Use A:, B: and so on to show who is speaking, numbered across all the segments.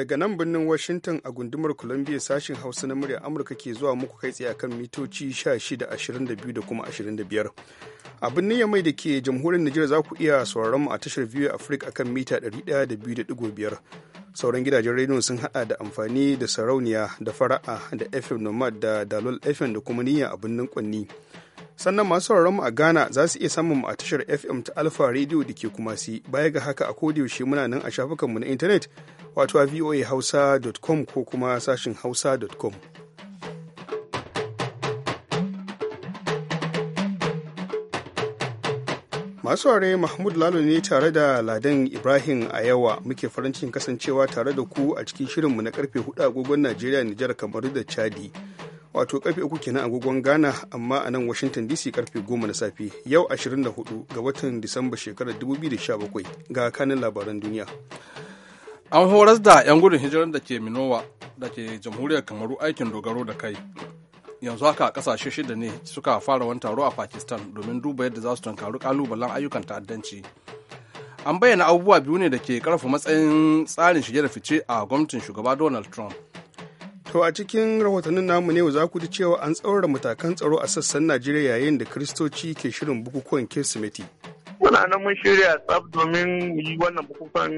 A: daga nan birnin Washington a gundumar Columbia sashen Hausa na murya Amurka ke zuwa muku kai tsaye akan mitoci 16, 22 da kuma 25. A birnin Yamai da ke jamhuriyar Nijar za ku iya sauraron mu a tashar View Africa akan mita 102.5. Sauran gidajen rediyo sun hada da amfani da sarauniya da fara'a da FM Nomad da Dalol FM da kuma niyya a birnin Kwanni. sannan masu sauraron mu a Ghana za su iya samun mu a tashar FM ta alfa Radio da ke kumasi si baya ga haka a yaushe muna nan a shafukanmu na intanet wato a voa hausa.com ko kuma sashin hausa.com. masu ware mahmud lalo ne tare da ladan ibrahim a yawa muke farancin kasancewa tare da ku a cikin shirinmu na karfe 4 agogon najeriya nijar kamar da chadi wato karfe 3 kenan agogon ghana amma a nan washington dc karfe 10 na safe yau 24 ga watan disamba shekarar 2017 ga kanin labaran duniya an horas da 'yan gudun hijirar da ke minowa da ke jamhuriyar
B: kamaru aikin dogaro da kai yanzu haka a kasashe shida ne suka fara wani taro a pakistan domin duba yadda za su tankaru kalubalen ayyukan ta'addanci an bayyana abubuwa biyu ne da ke karfa matsayin tsarin shige da fice a gwamnatin shugaba donald trump
A: To a cikin rahotannin namu ne za ku ji cewa an tsaurara matakan tsaro a sassan Najeriya yayin da Kiristoci ke shirin bukukuwan Kirsimeti. muna nan mun shirya tsaf domin yi wannan bukukuwan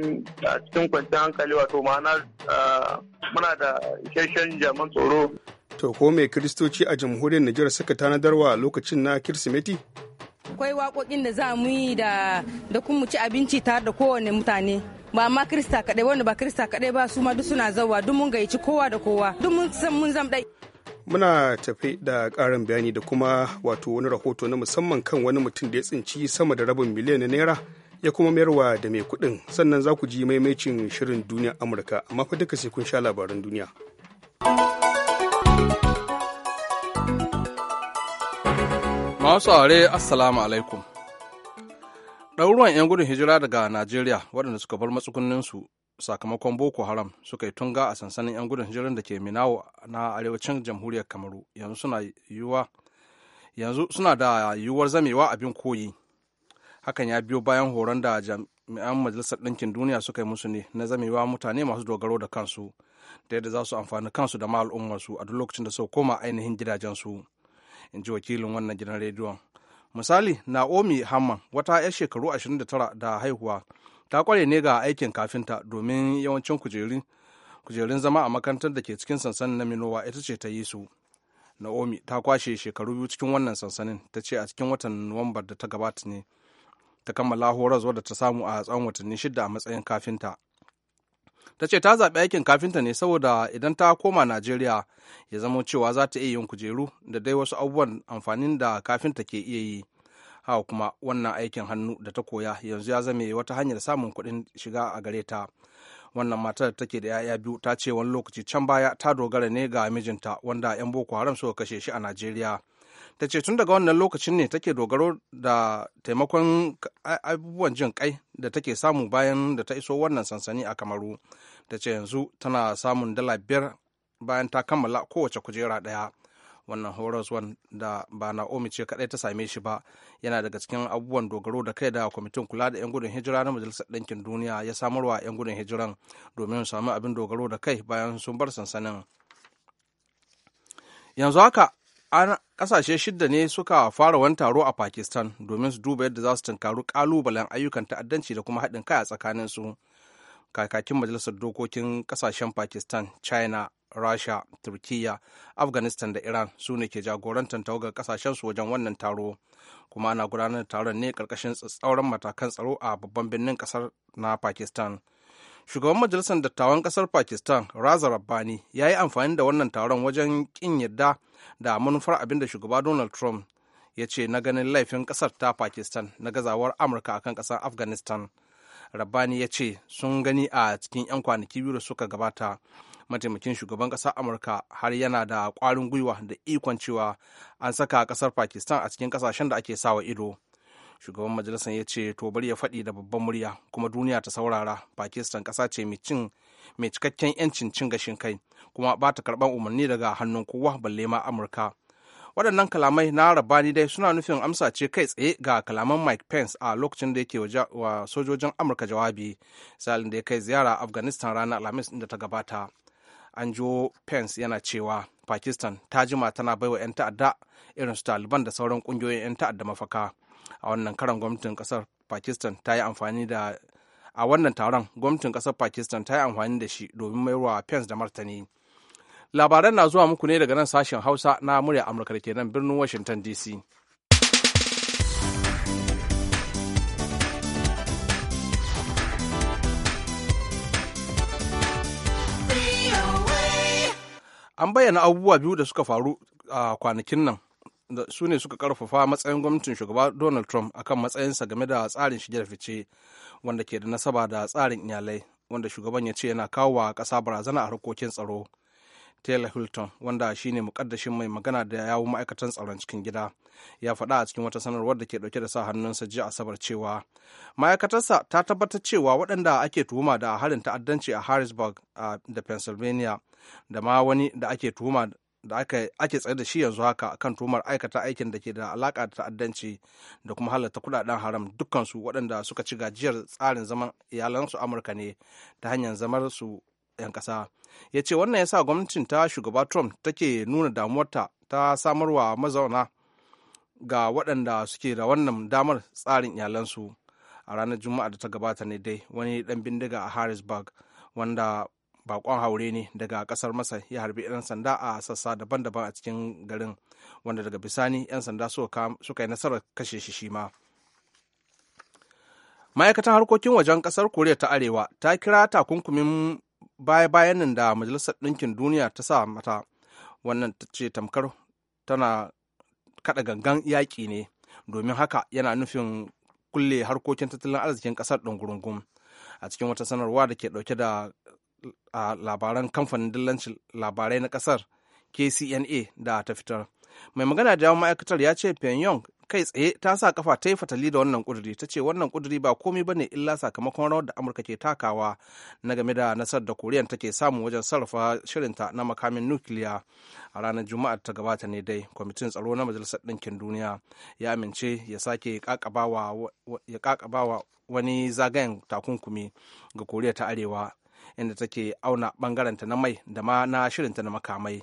A: a cikin kwanciyar hankali wato ma'ana muna da isasshen jaman tsoro to ko me kiristoci a jamhuriyar Nijar suka tanadarwa lokacin na kirsimeti
C: akwai waƙoƙin da za mu yi da kuma ci abinci tare da kowane mutane ba ma krista kaɗai wanda ba krista kaɗai ba su ma duk suna zawa duk mun gayyaci kowa da kowa duk mun san mun zam
A: muna tafe da ƙarin bayani da kuma wato wani rahoto na musamman kan wani mutum da ya tsinci sama da rabin miliyan naira ya kuma mayarwa da mai kuɗin sannan za ku ji maimacin shirin duniya amurka amma fa duka sai kun sha labaran duniya
B: masu aure assalamu alaikum ɗaruruwan 'yan gudun hijira daga najeriya waɗanda suka bar matsugunninsu sakamakon boko haram suka yi tunga a sansanin 'yan gudun hijirar da ke minawo na arewacin jamhuriyar kamaru yanzu suna yiwuwa yanzu suna da yiwuwar zamewa abin koyi hakan ya biyo bayan horon da jami'an majalisar ɗinkin duniya suka yi musu ne na zamewa mutane masu dogaro da kansu da yadda za su amfani kansu da al'ummarsu a duk lokacin da su koma ainihin gidajensu in ji wakilin wannan gidan rediyon misali naomi hamman wata 'yar shekaru 29 da haihuwa ta kware ne ga aikin kafinta domin yawancin kujerun zama a makarantar da ke cikin sansanin na minowa ita ce ta yi su naomi ta kwashe shekaru biyu cikin wannan sansanin ta ce a cikin watan nuwambar da ta gabata ne ta kammala horarwa da ta samu a tsawon watanni shida a matsayin kafinta ta ce ta zaɓi aikin kafinta ne saboda idan ta koma najeriya ya zama cewa za ta iya yin kujeru da dai wasu abubuwan amfanin da kafinta ke iya yi haka kuma wannan aikin hannu da ta koya yanzu ya zame wata hanyar samun kuɗin shiga a gare ta wannan matar da take da 'ya'ya biyu ta ce wani lokaci can baya ta dogara ne ga mijinta wanda 'yan boko haram suka kashe shi a najeriya ta ce tun daga wannan lokacin ne take dogaro da taimakon abubuwan jin kai da take samu bayan da ta iso wannan sansani a kamaru ta ce yanzu tana samun dala biyar bayan ta kammala kowace kujera daya. wannan horaswan da ba Naomi ce kadai ta same shi ba yana daga cikin abubuwan dogaro da kai da kwamitin kula da 'yan gudun hijira na majalisar ɗinkin duniya ya samarwa 'yan gudun hijiran domin su samu abin dogaro da kai bayan sun bar sansanin yanzu haka an kasashe shidda ne suka fara wani taro a pakistan domin su duba yadda za su tunkaru kalubalen ayyukan ta'addanci da kuma haɗin kai a tsakaninsu kakakin majalisar dokokin kasashen pakistan china rasha Turkiyya, afghanistan da iran su ne ke jagorantar tawagar su wajen wannan taro kuma ana gudanar da taron ne karkashin tsauran matakan tsaro a babban birnin ƙasar na pakistan shugaban majalisar dattawan ƙasar pakistan raza rabbani ya yi amfani da wannan taron wajen kin yadda da manufar abin da shugaba donald trump ya ce na ganin laifin kasar ta pakistan na gazawar amurka akan ƙasar afghanistan rabbani ya ce sun gani a cikin 'yan kwanaki biyu da suka gabata mataimakin shugaban ƙasa amurka har yana da ƙwarin gwiwa da ikon cewa an saka ƙasar pakistan a cikin ƙasashen da ake sawa ido shugaban majalisar ya ce to bari ya faɗi da babban murya kuma duniya ta saurara pakistan ƙasa ce mai cikakken yancin cin gashin kai kuma ba ta karɓar umarni daga hannun kowa balle ma amurka waɗannan kalamai na rabani dai suna nufin amsa ce kai tsaye ga kalaman mike pence a lokacin da yake wa sojojin amurka jawabi salin da ya kai ziyara afghanistan ranar alhamis inda ta gabata anjo pence yana cewa pakistan ta jima tana baiwa 'yan ta'adda irin su taliban da sauran kungiyoyin 'yan ta'adda mafaka a wannan karan gwamnatin kasar pakistan ta yi amfani da a wannan taron gwamnatin kasar pakistan ta yi amfani da shi domin maiwa pence da martani labaran na zuwa muku ne daga nan sashen hausa na murya amurka da ke nan birnin washington dc an bayyana abubuwa biyu da suka faru a kwanakin nan su ne suka karfafa matsayin gwamnatin shugaba donald trump akan matsayinsa game da tsarin shige da fice wanda ke da nasaba da tsarin iyalai wanda shugaban ya ce yana kawo wa ƙasa barazana a harkokin tsaro taylor hilton wanda shine mukaddashin mai magana da yawun ma'aikatan tsaron cikin gida ya faɗa a cikin wata sanarwar da ke ɗauke da sa hannunsa jiya asabar cewa ma'aikatarsa ta tabbatar cewa waɗanda ake tuhuma da harin ta'addanci a harrisburg da pennsylvania da ma wani da ake tuhuma da ake tsaye da shi yanzu haka kan tuhumar aikata aikin da ke da alaka da ta'addanci da kuma halatta kudaden haram dukkansu waɗanda suka ci gajiyar tsarin zaman iyalansu amurka ne ta hanyar zamar su 'yan ƙasa ya ce wannan ya sa gwamnatin ta shugaba trump take nuna damuwarta ta samarwa mazauna ga waɗanda suke da wannan damar tsarin iyalansu a ranar juma'a da ta gabata ne dai wani ɗan bindiga a harrisburg wanda bakon haure ne daga kasar masar ya harbi 'yan sanda a sassa daban-daban a cikin garin wanda daga bisani 'yan sanda suka yi nasarar kashe shi shi ma ma'aikatan harkokin wajen kasar koriya ta arewa ta kira takunkumin baya-bayan nan da majalisar ɗinkin duniya ta sa mata wannan ta ce tamkar tana kada gangan yaƙi ne domin haka yana nufin kulle harkokin tattalin arzikin ƙasar ɗungurungun a cikin wata sanarwa da ke ɗauke da labaran kamfanin dillancin labarai na ƙasar kcna da ta fitar mai magana da yawon ma'aikatar ya ce pyongyang kai tsaye ta sa kafa ta yi fatali da wannan kuduri ta ce wannan kuduri ba komai ne illa sakamakon rawar da amurka ke takawa na game da nasarar da koriyan take samu wajen sarrafa shirinta na makamin nukiliya a ranar juma'a ta gabata ne dai kwamitin tsaro na majalisar ɗinkin duniya ya amince ya sake kakabawa wani zagayen takunkumi ga koriya ta arewa inda take auna bangaranta na mai da ma na shirinta na makamai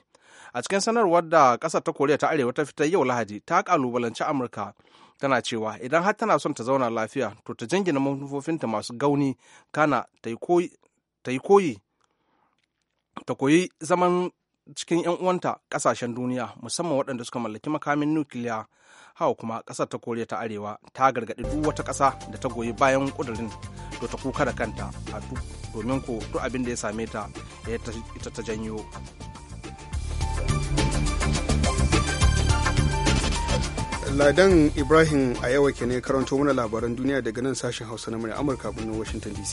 B: a cikin sanarwar da ƙasar ta koriya ta arewa ta fitar yau lahadi ta kalubalanci amurka tana cewa idan har tana son ta zauna lafiya to ta jingina manufofinta masu gauni kana ta yi koyi ta koyi zaman cikin 'yan uwanta kasashen duniya musamman waɗanda suka mallaki makamin nukiliya hawa kuma ƙasar ta koriya ta arewa ta gargaɗi duk wata ƙasa da ta goyi bayan ƙudurin to ta kuka da kanta a duk domin ko duk abin da ya same ta ita ta janyo
A: ladan ibrahim a yawa ke ne karanto mana labaran duniya daga nan sashen hausa na murya amurka birnin washington dc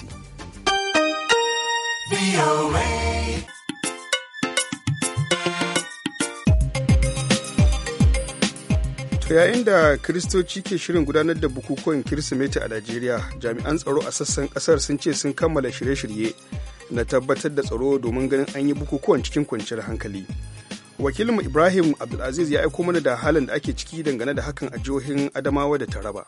A: To yayin da Kiristoci ke shirin gudanar da bukukuwan Kirsimeti a Najeriya, jami'an tsaro a sassan kasar sun ce sun kammala shirye-shirye na tabbatar da tsaro domin ganin an yi bukukuwan cikin kwanciyar hankali. Wakilinmu Ibrahim Abdulaziz ya aiko mana da halin da ake ciki dangane da hakan a jihohin Adamawa da Taraba.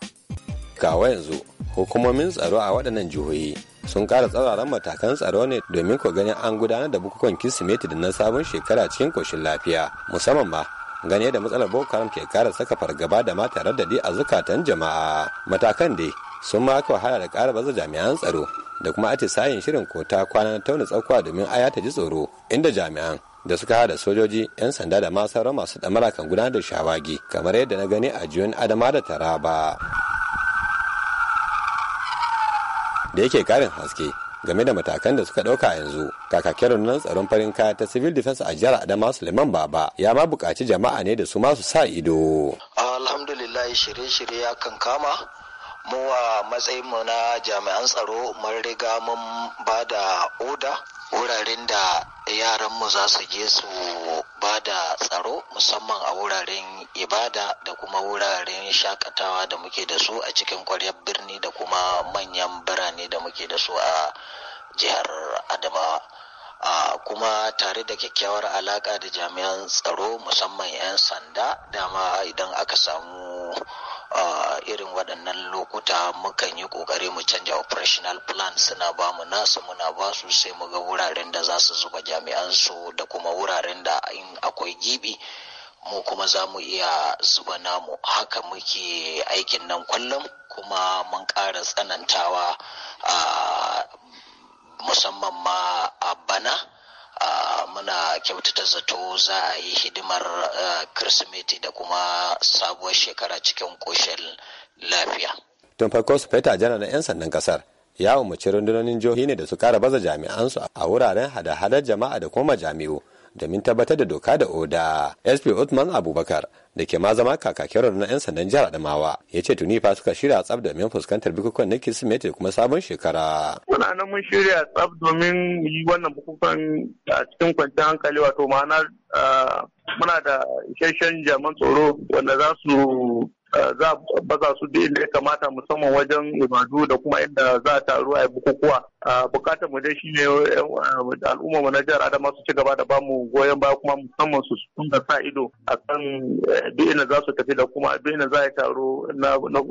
D: Kawa yanzu hukumomin tsaro a waɗannan jihohi sun ƙara tsararren matakan tsaro ne domin ko ganin an gudanar da bukukuwan Kirsimeti da na sabon shekara cikin koshin lafiya musamman ma gane da matsalar boko haram ke kara saka fargaba da mata dai a zukatan jama'a matakan dai sun ma aka wahala da kara baza jami'an tsaro da kuma atisayin shirin kota kwana na tauna tsakuwa domin aya ta ji tsoro inda jami'an da suka hada sojoji 'yan sanda da ma sauran masu damara kan gudanar da shawagi kamar yadda na gani a juyin adama da taraba da yake karin haske game da matakan da suka ɗauka yanzu kakakin rundunar tsaron farin kaya ta civil defense a jihar adama suleiman baba ya ma buƙaci jama'a ne da su masu sa ido
E: alhamdulillah shirye-shirye ya kan kama mu a matsayin na jami'an tsaro mun riga mun ba da oda wuraren da yaran mu za su je su bada da tsaro musamman a wuraren ibada da kuma wuraren shakatawa da muke da su a cikin kwaryar birni da kuma manyan birane da muke da su a jihar adamawa a kuma tare da kyakkyawar alaka da jami'an tsaro musamman 'yan sanda dama idan aka samu irin waɗannan lokuta mukan yi ƙoƙari mu canja operational plan suna ba mu nasu muna ba su sai mu ga wuraren da za su zuba jami'an su da kuma wuraren da in akwai gibi mu kuma za mu iya zuba namu haka muke aikin nan kullum kuma mun ƙara tsanantawa kyautata zato za a yi hidimar eh, kirsimeti da
D: kuma sabuwar
E: shekara cikin koshin
D: lafiya. tun farko su feta jana na 'yan sandan kasar ya umarci rundunonin jihohi ne da su kara baza jami'ansu a wuraren hada-hadar jama'a da kuma jami'u domin tabbatar da doka da oda sp usman abubakar da ke ma zama kakakin na 'yan sandan jihar adamawa ya ce tuni fa suka shirya tsaf domin fuskantar bukukuwan na kirsimeti da kuma sabon shekara
A: muna nan mun shirya tsaf domin yi wannan bukukuwan a cikin kwanciyar hankali wato ma'ana ah, muna da isasshen jaman tsoro wanda za su Eh, za baza su da inda ya kamata musamman wajen ibadu da kuma inda za a taru a yi bukukuwa eh, bukatar mu dai shine eh, al'umma mu na jihar adama su ci gaba da bamu goyon baya kuma musamman
F: su da sa ido akan duk inda za su tafi da kuma duk inda za a yi taro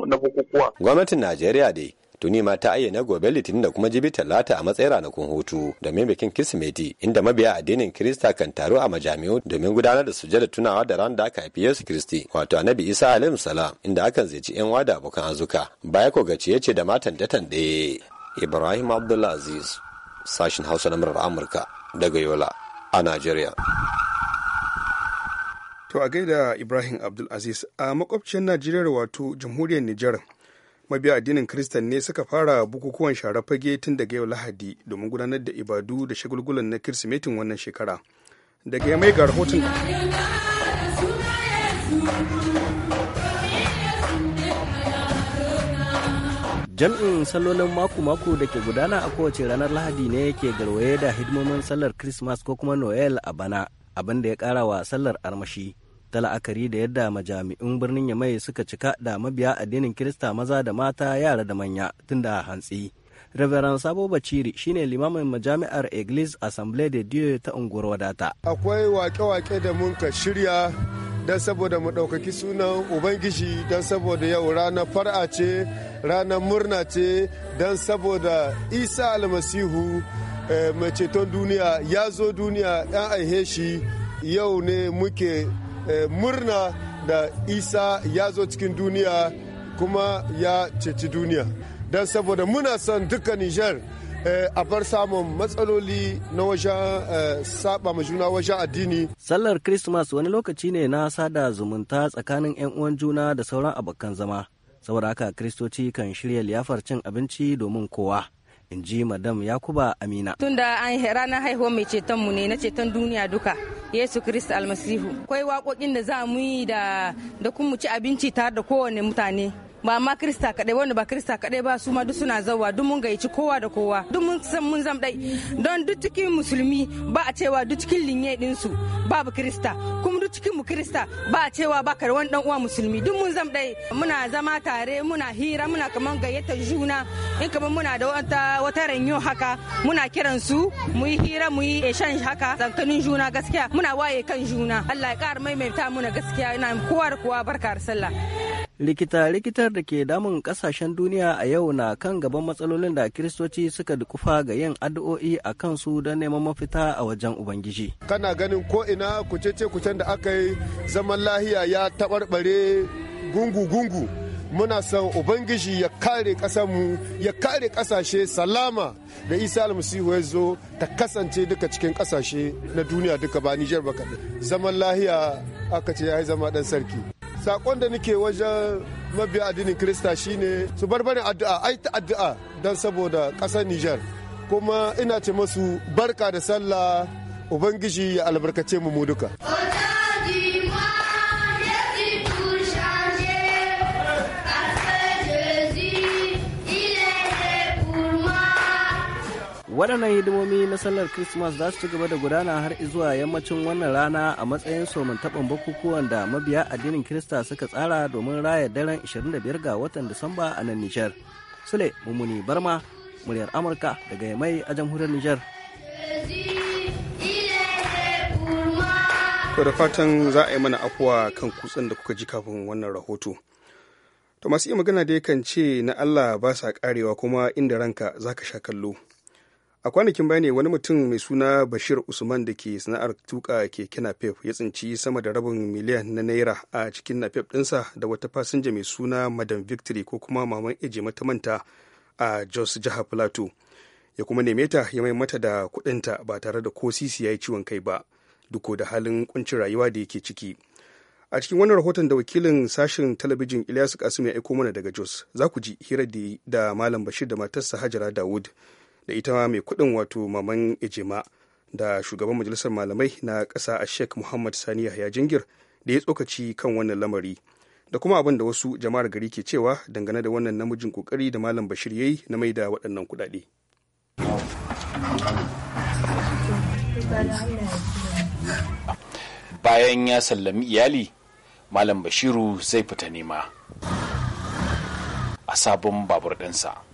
F: na bukukuwa
D: gwamnatin najeriya dai tuni ma ta ayyana gobe litinin da kuma jibi talata a matsayin ranakun hutu domin bikin kirsimeti inda mabiya addinin kirista kan taru a majami'u domin gudanar da sujada tunawa da ran da aka haifi yesu kiristi wato annabi isa alaihi salam inda akan ziyarci yan wada abokan azuka baya ko gaciye ce da matan datan ɗaya ibrahim abdulaziz sashin hausa na murar amurka daga yola a najeriya
A: to a gaida ibrahim abdulaziz a makwabciyar najeriya wato jamhuriyar nijar mabiya addinin kristan ne suka fara bukukuwan share fage tun daga yau lahadi domin gudanar da ibadu da shagulgulan na kirsimetin wannan shekara daga ya mai ga rahoton
F: jam'in salolin mako-mako da ke gudana a kowace ranar lahadi ne ke garwaye da hidimomin sallar christmas ko kuma noel a bana abin da ya kara wa sallar armashi ta la'akari da yadda majami'un birnin Yamai suka cika da mabiya addinin Kirista maza da mata yara da manya tun da hantsi. Reverend Sabo Baciri shine limamin majami'ar Eglise Assemblée de Dieu ta unguwar wadata.
G: Akwai wake-wake da mun ka shirya don saboda mu ɗaukaki sunan Ubangiji don saboda yau ranar far'a ce, ranar murna ce don saboda Isa almasihu eh, mai ceton duniya ya zo duniya 'yan aihe shi yau ne muke Eh, murna da isa ya zo cikin duniya kuma ya ceci duniya don saboda muna son duka nijar eh, a bar samun matsaloli na wajen eh, saba ma juna wajen addini. Sallar
F: Christmas wani lokaci ne na sada zumunta tsakanin 'yan uwan juna da sauran abokan zama. Saboda haka Kristoci kan shirya liyafar cin abinci domin kowa. In ji Madam Yakuba Amina.
C: Tunda an ranar haihuwar mai ceton mu ne na ceton duniya duka. Yesu Kristi almasihu. Akwai waƙoƙin da za mu yi da da kuma ci abinci tare da kowane mutane. ba ma krista kadai wanda ba krista kadai ba su ma duk suna zawa duk mun gayyaci kowa da kowa duk mun san mun zam dai don duk cikin musulmi ba a cewa duk cikin linye din su babu krista kuma duk cikin mu krista ba a cewa ba karwan dan uwa musulmi duk mun zam dai muna zama tare muna hira muna kaman gayyatar juna in kaman muna da wata wata ranyo haka muna kiran su mu yi hira mu yi shan haka zankanin juna gaskiya muna waye kan juna Allah ya kara ta muna gaskiya ina kowa da kowa barka da sallah
F: Likita-likitar da ke damun kasashen duniya a yau na kan gaban matsalolin da kiristoci suka dukufa ga yin addu'o'i a kansu don neman mafita a wajen ubangiji
G: kana ganin ko ina kucece kucen da aka yi zaman lahiya ya taɓarɓare gungu-gungu muna son ubangiji ya kare ƙasarmu ya kare ƙasashe salama da isa almasihu ya zo ta kasance duka cikin ƙasashe na duniya duka ba nijar ba zaman lahiya aka ce ya yi zama ɗan sarki sakon da nake wajen mabiya addinin krista shine su bar barin addu'a ai ta addu'a don saboda ƙasar niger kuma ina ce masu barka da sallah ubangiji ya albarkace mu mu duka.
F: waɗannan hidimomi na sallar Christmas za su ci gaba da gudana har zuwa yammacin wannan rana a matsayin somantaɓin bukukuwan da mabiya addinin Kirista suka tsara domin raya daren 25 ga watan Disamba a nan Nijar. Sule Mummuni Barma, muryar Amurka daga Yamai a jamhuriyar Nijar.
H: To da
A: fatan za a yi mana afuwa kan kutsen da kuka ji kafin wannan rahoto. To masu iya magana da kan ce na Allah ba sa karewa kuma inda ranka za ka sha kallo. a kwanakin baya ne wani mutum mai suna bashir usman da ke sana'ar tuka keke napep ya tsinci sama da rabin miliyan na naira a cikin napep ɗinsa da wata fasinja mai suna madam victory ko kuma maman eje mata manta a jos jihar plateau ya kuma neme ta ya mai mata da kuɗinta ba tare da ko sisi ya yi ciwon kai ba duk da halin kuncin rayuwa da yake ciki a cikin wannan rahoton da wakilin sashen talabijin ilyasu kasim ya aiko mana daga jos za ku ji hira da malam bashir da matarsa hajara dawud da ita mai kudin wato maman ejima da shugaban majalisar malamai na ƙasa a sheikh muhammad sani yahya jingir da ya tsokaci kan wannan lamari da kuma abin da wasu jama'ar gari ke cewa dangane da wannan namijin kokari da malam bashir yayi na mai da waɗannan kuɗaɗe.
F: bayan ya sallami iyali malam bashiru zai fita nema a sabon babur ɗinsa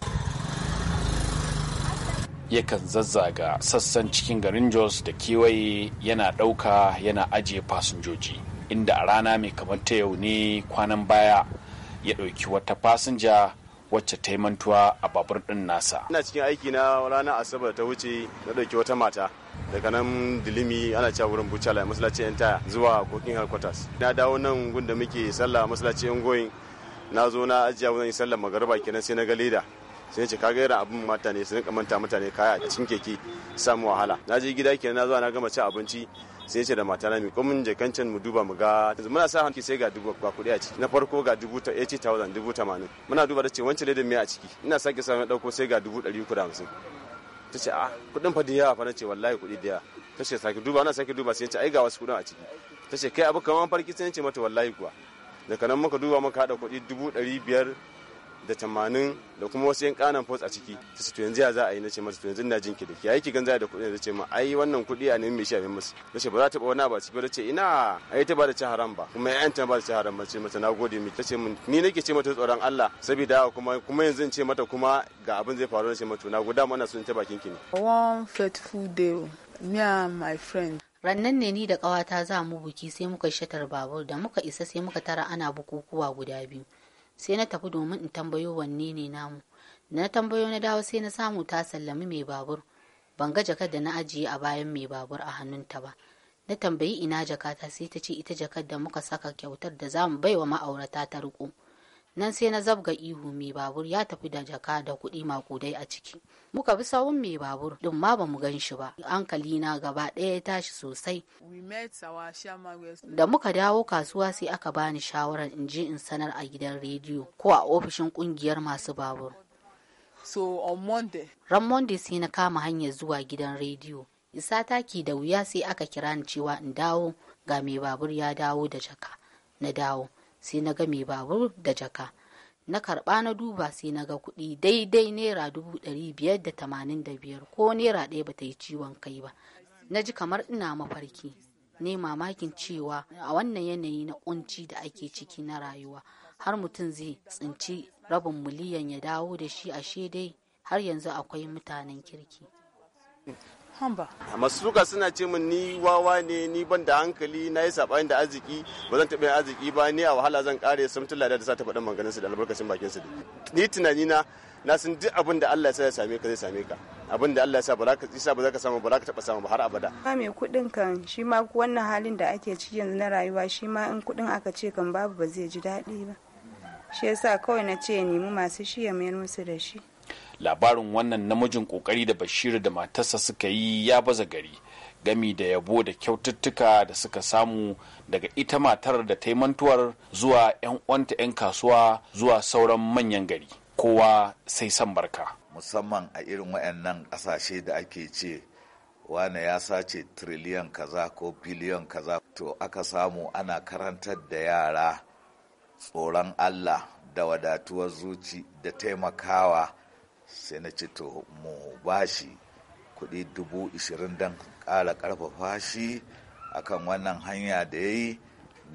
F: yakan zazzaga sassan cikin garin jos da kewaye yana ɗauka yana ajiye fasinjoji inda a rana mai kamar ta yau ne kwanan baya ya ɗauki wata fasinja wacce ta yi mantuwa a babur ɗin nasa.
I: Ina cikin aiki na ranar Asabar ta wuce na ɗauki wata mata daga nan dilimi ana cewa wurin bucala masallaci yan taya zuwa kokin harkwatas. Na dawo nan gunda muke sallah masallaci yan goyin na zo na ajiya wurin sallar magariba kenan sai na ga leda sai ce kaga yara abin mutane su rinka manta mutane kaya a cikin keke samu wahala na je gida kenan na zuwa na gama cin abinci sai ce da mata na mi komin kancan mu duba mu ga muna sa hanki sai ga dubu ba kudi a ciki na farko ga dubu ta eighty thousand dubu tamanin muna duba da ce wancan da me a ciki ina sake sa na dauko sai ga dubu ɗari uku da hamsin ta ce a ah, kudin fa da yawa fa na ce wallahi kudi da yawa ta ce sake duba ana sake duba sai ce ai ga wasu kudin a ciki ta ce kai abu kamar farki sai ce mata wallahi kuwa daga nan muka duba muka hada kudi dubu ɗari biyar da tamanin da kuma wasu yan kanan post a ciki ta ce yanzu ya za a yi na ce mata to yanzu na jinki da yayi ki ganza da kuɗi da ce ma ai wannan kuɗi a nemi shi a nemi su na ce ba za ta ba wani ba ciki ba ce ina ai ta ba da ci haram ba kuma yan ta ba da ci haram ba ce mata na gode mi ta ce min ni nake ce mata tsoron Allah saboda kuma kuma yanzu ce mata kuma ga abin zai faru na ce mata na goda mana sun ta bakin ki ne
H: one faithful day me and my friend rannan ne ni da ƙawata za mu buki sai muka shatar babur da muka isa sai muka tara ana bukukuwa guda biyu sai na tafi domin in tambayo wanne ne namu da na tambayo na dawo sai na samu ta sallami mai babur ban ga jakar da na ajiye a bayan mai babur a hannunta ba na tambayi ina jakata sai ta ce ita jakar da muka saka kyautar da za mu bai wa ma'aurata ta riko nan sai na zabga ihu mai babur ya tafi da jaka da kuɗi makudai a ciki muka bi sawun mai babur din ma ba mu gan shi ba hankali na gaba ɗaya ya tashi sosai da muka dawo kasuwa sai aka bani shawarar in je in sanar a gidan rediyo ko a ofishin kungiyar masu babur so on monday ran monday sai na kama hanyar zuwa gidan rediyo isa taki da wuya sai aka kira ni cewa in dawo ga mai babur ya dawo da jaka na dawo sai na ga mai babur da jaka na karba na duba sai na ga kuɗi daidai naira dubu ɗari biyar da tamanin da biyar ko naira ɗaya ba ta yi ciwon kai ba na ji kamar ina mafarki ne mamakin cewa a wannan yanayi na kunci da ake ciki na rayuwa har mutum zai tsinci rabin miliyan ya dawo da shi ashe dai har yanzu akwai mutanen kirki
C: hamba
I: masu suka suna ce min ni wawa ne ni ban da hankali na yi sabani da arziki ba zan taɓa yin arziki ba ni a wahala zan ƙare samtun lada da sa ta faɗin maganin su da albarkacin bakin su ni tunani na na san duk abin da Allah ya sa ya same ka zai same ka abin da Allah ya sa ba za ka isa ba za ka samu ba za ka taɓa samu ba har abada
C: ka mai kuɗin kan shi ma wannan halin da ake ciki yanzu na rayuwa shi ma in kuɗin aka ce kan babu ba zai ji daɗi ba shi yasa kawai na ce nemi masu shi ya mayar musu da shi
F: labarin wannan namijin kokari da bashiru da matarsa suka yi ya baza gari gami da yabo da kyaututtuka da suka samu daga ita matar da taimantuwar zuwa 'yan uwanta 'yan kasuwa zuwa sauran manyan gari kowa sai san barka musamman a irin wayannan ƙasashe da ake ce wane ya sace triliyan kaza ko biliyan kaza to aka samu ana karantar da yara tsoron allah da wadatuwar zuci da taimakawa sai na ce to mu ba shi kuɗi dubu ishirin don ƙara ƙarfafa shi akan wannan hanya da ya yi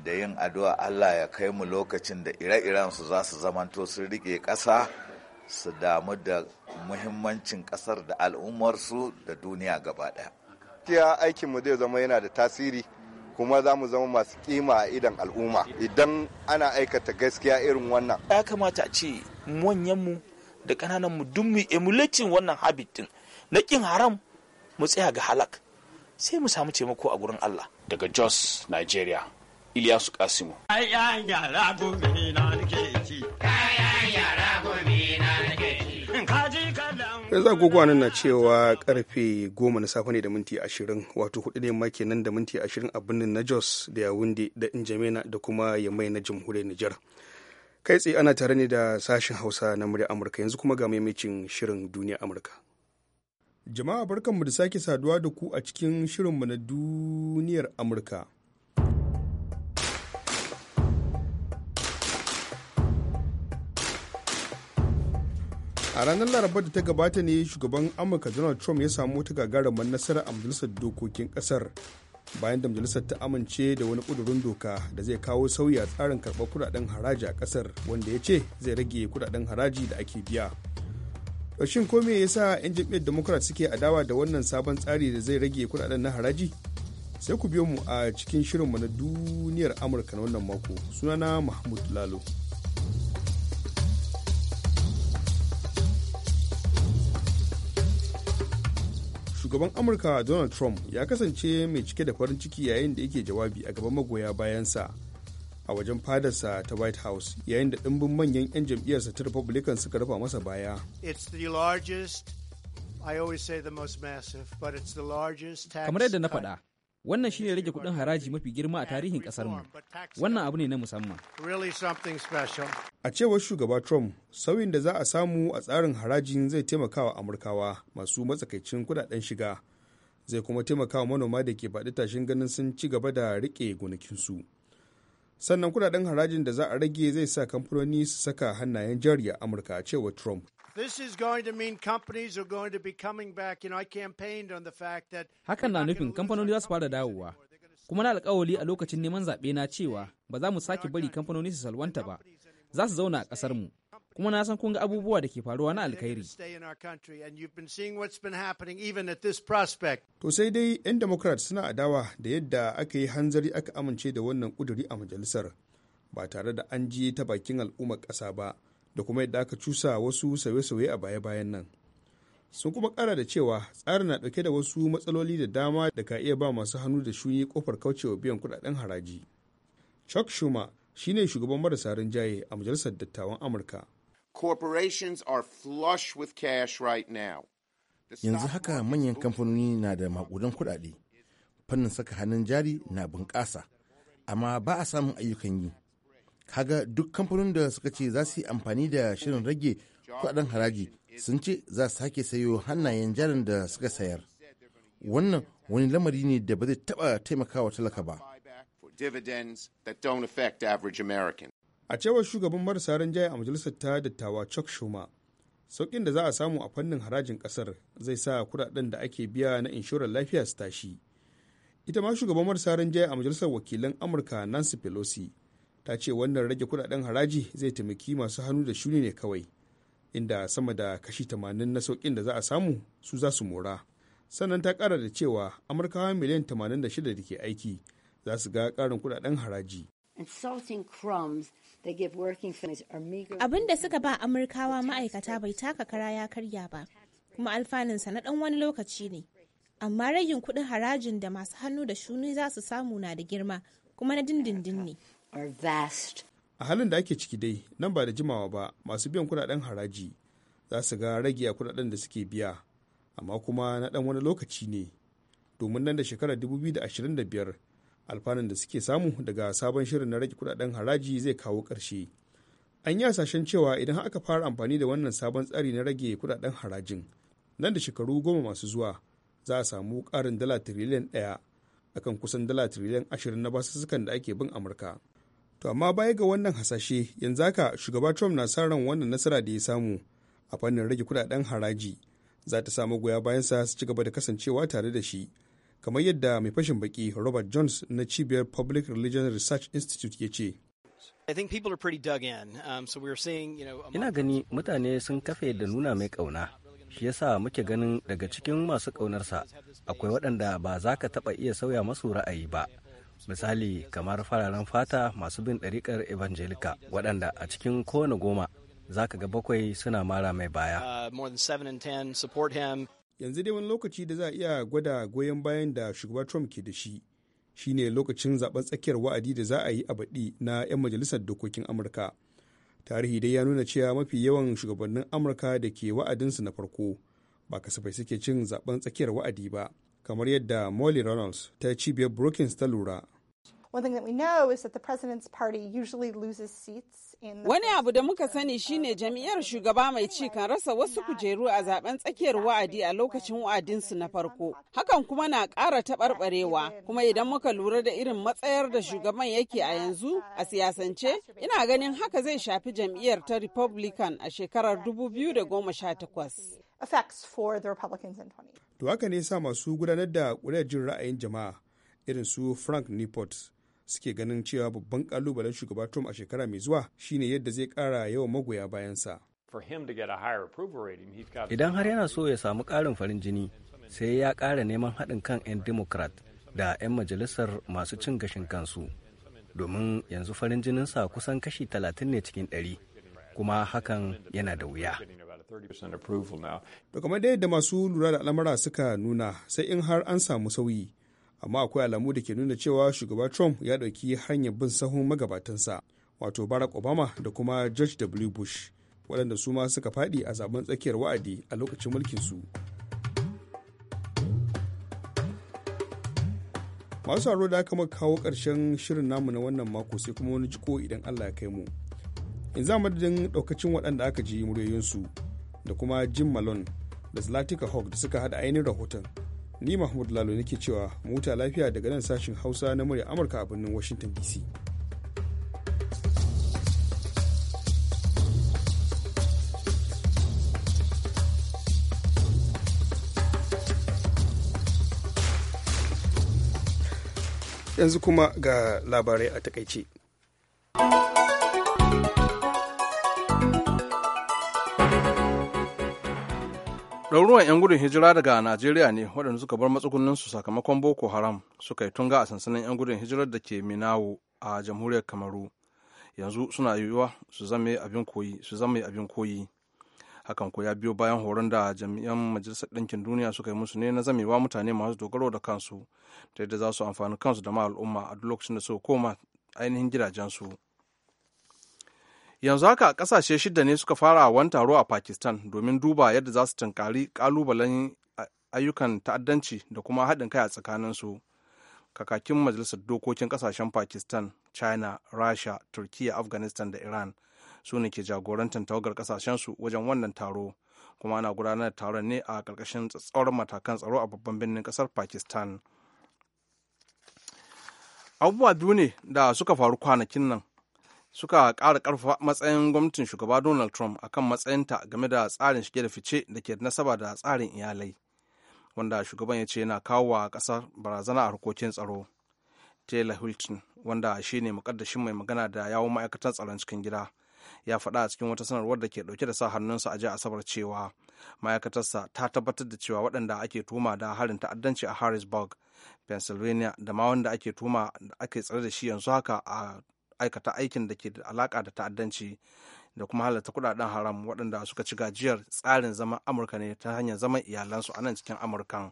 F: da yin addu'a Allah ya kai mu lokacin da ire-iren su za su zamanto sun riƙe ƙasa su damu da muhimmancin ƙasar da al'ummarsu da duniya gaba ɗaya.
G: Kiya aikinmu zai zama yana da tasiri kuma za mu
F: zama masu kima a idan al'umma idan ana aikata gaskiya irin wannan. Ya kamata a ce manyanmu da kananan mu duk mu emulating wannan habit din na kin haram mu tsaya ga halak sai mu samu taimako a gurin Allah daga Jos Nigeria Ilyasu Kasimu
A: ya za gobe na na cewa karfe goma na safe ne da minti ashirin wato hudu ne ma nan da minti ashirin a birnin na Jos da Yawunde da Injamena da kuma Yamai na Jamhuriyar Nijar. kai tsaye ana tare ne da sashen hausa na murya amurka yanzu kuma ga maimacin shirin duniya amurka jama'a barkanmu da sake saduwa da ku a cikin shirinmu na duniyar amurka a ranar laraba da ta gabata ne shugaban amurka donald trump ya samu wata gagarumar nasara a majalisar dokokin kasar bayan da majalisar ta amince da wani kudurin doka da zai kawo sauyi a tsarin karɓar kudaden haraji a ƙasar wanda ya ce zai rage kudaden haraji da ake biya shin ko me sa 'yan jam'iyyar democrat suke adawa da wannan sabon tsari da zai rage kudaden na haraji sai ku biyo mu a cikin shirinmu na duniyar amurka na wannan mako sunana mahmud lalo shugaban amurka donald trump ya kasance mai cike da farin ciki yayin da yake jawabi a gaban magoya bayansa a wajen fadarsa ta white house yayin da ɗimbin manyan 'yan jam'iyyarsa ta republican suka rufa masa baya
G: kamar yadda na faɗa
A: Wannan shine rage kudin haraji mafi girma a tarihin mu Wannan abu ne na musamman. A cewar shugaba Trump, sauyin da za a samu a tsarin harajin zai taimakawa Amurkawa masu matsakaicin kudaden shiga. Zai kuma taimakawa manoma da ke faɗi tashin ganin sun ci gaba da riƙe gonakinsu. Sannan kudaden harajin da za a rage zai sa kamfanoni su saka hannayen jari a Amurka a cewar Trump.
F: Hakan na nufin kamfanoni za su fara dawowa. Kuma na alkawali a lokacin neman zaɓe na cewa ba za mu sake bari kamfanoni su salwanta ba, za su zauna a ƙasar mu.
A: Kuma na san kun ga abubuwa da ke faruwa na alkhairi. To sai dai 'yan Democrats suna adawa da yadda aka yi hanzari aka amince da wannan kuduri a majalisar ba tare da an ji ta bakin al'ummar ƙasa ba. da kuma yadda aka cusa wasu sauye-sauye a baya-bayan nan sun kuma kara da cewa tsarin na dauke da wasu matsaloli da dama da ka iya ba masu hannu da shuni kofar kaucewa biyan kudaden haraji chuck schumer shine shugaban marasa rinjaye a majalisar dattawan amurka
D: corporations are flush with cash right yanzu
A: haka
B: manyan kamfanoni na da makudan kudade fannin saka hannun jari na bunƙasa amma ba a samun ayyukan yi kaga duk kamfanin da suka ce za su yi amfani da shirin rage kudaden haraji sun ce za su sake sayo hannayen jarin da suka
A: sayar wannan wani lamari ne da ba zai taɓa taimakawa talaka ba a cewar shugaban marasa rinjaye a majalisar ta dattawa chuck schumer sauƙin da za a samu a fannin harajin ƙasar zai sa kudaden da ake biya na inshorar lafiya su tashi ita ma shugaban marasa rinjaye a majalisar wakilan amurka nancy pelosi ta ce wannan rage kudaden haraji zai taimaki masu hannu da shuni ne kawai inda sama da kashi 80 na sauƙin da za a samu su za su mora sannan ta kara da cewa amurkawa miliyan 86 da ke aiki za su ga karin kudaden haraji
H: abin da suka ba amurkawa ma'aikata bai taka kara ya karya ba kuma alfanunsa na dan wani lokaci ne amma ragin kudin harajin da masu hannu da shuni za su samu na da girma kuma na dindindin ne are vast.
A: A halin da ake ciki dai, nan ba da jimawa ba, masu biyan kudaden haraji za su ga rage a kudaden da suke biya, amma kuma na dan wani lokaci ne. Domin nan da shekarar 2025, alfanun da suke samu daga sabon shirin na rage kudaden haraji zai kawo ƙarshe. An yi hasashen cewa idan aka fara amfani da wannan sabon tsari na rage kudaden harajin, nan da shekaru goma masu zuwa za a samu ƙarin dala tiriliyan ɗaya akan kusan dala tiriliyan ashirin na basussukan da ake bin Amurka. To amma baya ga wannan hasashe yanzu haka shugaba Trump na sa ran wannan nasara da ya samu a fannin rage kudaden haraji za ta samu goya sa su ci gaba da kasancewa tare da shi kamar yadda mai fashin baki Robert Jones na cibiyar Public
F: Religion Research Institute ya ce. Ina gani mutane sun kafe da nuna mai kauna Shi yasa muke ganin daga cikin masu ƙaunarsa akwai waɗanda ba za ka taɓa iya sauya masu ra'ayi ba. misali kamar fararen fata masu bin ɗariƙar evangelika waɗanda a cikin kowane goma za ka ga bakwai suna mara mai
A: baya. Uh, Yanzu dai wani lokaci da za a iya gwada goyon bayan da shugaba Trump ke da shi shine lokacin zaben tsakiyar wa'adi da za a yi a baɗi na 'yan majalisar dokokin Amurka. Tarihi dai ya nuna cewa mafi yawan shugabannin Amurka da ke wa'adinsu na farko ba kasafai suke cin zaben tsakiyar wa'adi ba. kamar yadda Molly Reynolds ta cibiyar Brookings ta lura.
C: Wani abu da muka sani shine jam'iyyar shugaba mai ci kan rasa wasu kujeru a zaben tsakiyar wa'adi a lokacin wa'adinsu na farko. Hakan kuma na ƙara taɓarɓarewa, kuma idan muka lura da irin matsayar da shugaban yake a yanzu a uh, siyasance, ina ganin haka zai shafi jam'iyyar ta Republican a shekarar 2018. effects
H: for the Republicans in 2020.
C: To
A: haka ne sa masu gudanar da ƙuri'ar jin ra'ayin jama'a irin su Frank Nipot suke ganin cewa babban kalubalen shugaba Trump a shekara mai zuwa shine yadda zai ƙara yawan magoya
F: bayansa. Idan har yana so ya samu ƙarin farin jini, sai ya ƙara neman haɗin kan 'yan Democrat da 'yan majalisar masu cin gashin kansu. Domin yanzu farin jininsa kusan kashi 30 ne cikin ɗari kuma hakan yana da wuya. Da da masu
A: lura da alamara suka nuna sai in har an samu sauyi. Amma akwai alamu da ke nuna cewa shugaba Trump ya ɗauki hanyar bin sahun magabatansa, wato Barack Obama da kuma George W. Bush, waɗanda su ma suka faɗi a zaben tsakiyar wa'adi a lokacin mulkin su. masu tsaro da aka kawo ƙarshen shirin namu na wannan mako sai kuma wani jiko idan Allah ya kai mu in za madadin ɗaukacin waɗanda aka ji muryoyinsu da kuma jim malone da zlatika hawk da suka hada ainihin rahoton ni mahmud lalo nake cewa muta lafiya daga nan sashin hausa na murya amurka a birnin
G: washington dc
A: yanzu kuma ga labarai a takaice.
B: ɗauruwan 'yan gudun hijira daga najeriya ne waɗanda suka bar matsugunninsu sakamakon boko haram suka yi tunga a sansanin 'yan gudun hijirar da ke minawo a jamhuriyar kamaru yanzu suna yiwuwa su zama abin koyi su zama abin koyi hakan ko ya biyo bayan horon da jami'an majalisar ɗinkin duniya suka yi musu ne na zamewa mutane masu dogaro da kansu ta yadda za su amfani kansu da ma al'umma a duk lokacin da suka koma ainihin gidajensu yanzu haka kasashe shida ne suka fara wani taro a pakistan domin duba yadda za su tunkari kalubalen ayyukan ta'addanci da kuma haɗin kai a tsakaninsu kakakin majalisar dokokin kasashen pakistan china rasha turkiya afghanistan da iran su ne ke jagorantar tawagar kasashensu wajen wannan taro kuma ana gudanar da taron ne a ƙarƙashin tsatsauran matakan tsaro a babban birnin ƙasar pakistan abubuwa biyu ne da suka faru kwanakin nan suka kara karfa matsayin gwamnatin shugaba donald trump akan matsayinta game da tsarin shige da fice da ke nasaba da tsarin iyalai wanda shugaban ya ce yana kawo wa kasar barazana a harkokin tsaro taylor hilton wanda ne mukaddashin mai magana da yawon ma'aikatan tsaron cikin gida ya faɗa a cikin wata sanarwar da ke ɗauke da sa hannunsa a jiya asabar cewa ma'aikatarsa ta tabbatar da cewa waɗanda ake tuma da harin ta'addanci a harrisburg pennsylvania da ma wanda ake tuma ake tsare da shi yanzu haka a aikata aikin da ke da alaka da ta'addanci da kuma halatta kudaden haram waɗanda suka ci gajiyar tsarin zaman amurka ne ta hanyar zaman iyalansu a nan cikin amurkan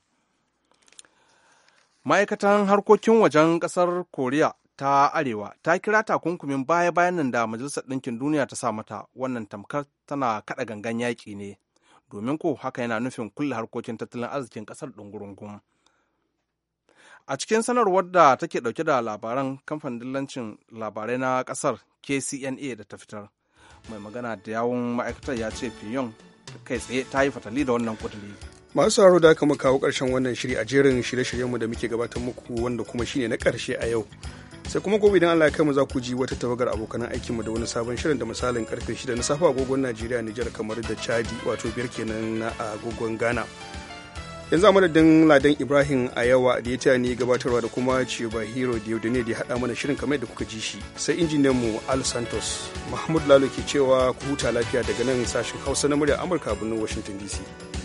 B: ma'aikatan harkokin wajen ƙasar koriya ta arewa ta kira takunkumin baya-bayan nan da majalisar ɗinkin duniya ta sa mata wannan tamkar tana kaɗa gangan yaƙi ne domin ko haka yana nufin kulle harkokin tattalin arzikin ƙasar ɗungurungun a cikin sanarwar da take dauke da labaran kamfanin dillancin labarai na kasar kcna da ta fitar mai magana da yawon ma'aikatar ya ce fiyon kai tsaye ta yi fatali da wannan kuduri
A: masu sauraro da aka mu kawo karshen wannan shiri a jerin shirye-shiryenmu da muke gabatar muku wanda kuma shine na karshe a yau sai kuma gobe idan Allah ya mu za ku ji wata tawagar abokan aikinmu da wani sabon shirin da misalin karfe 6 na safa agogon Najeriya Nijar kamar da Chadi wato biyar kenan na agogon Ghana yanzu a madadin ladan ibrahim a yawa da ya taya ni gabatarwa da kuma ciba hero da yau da ya haɗa mana shirin kamar da kuka ji shi sai mu al santos mahmud lalo ke cewa ku huta lafiya daga nan sashen hausa na murya amurka birnin washington dc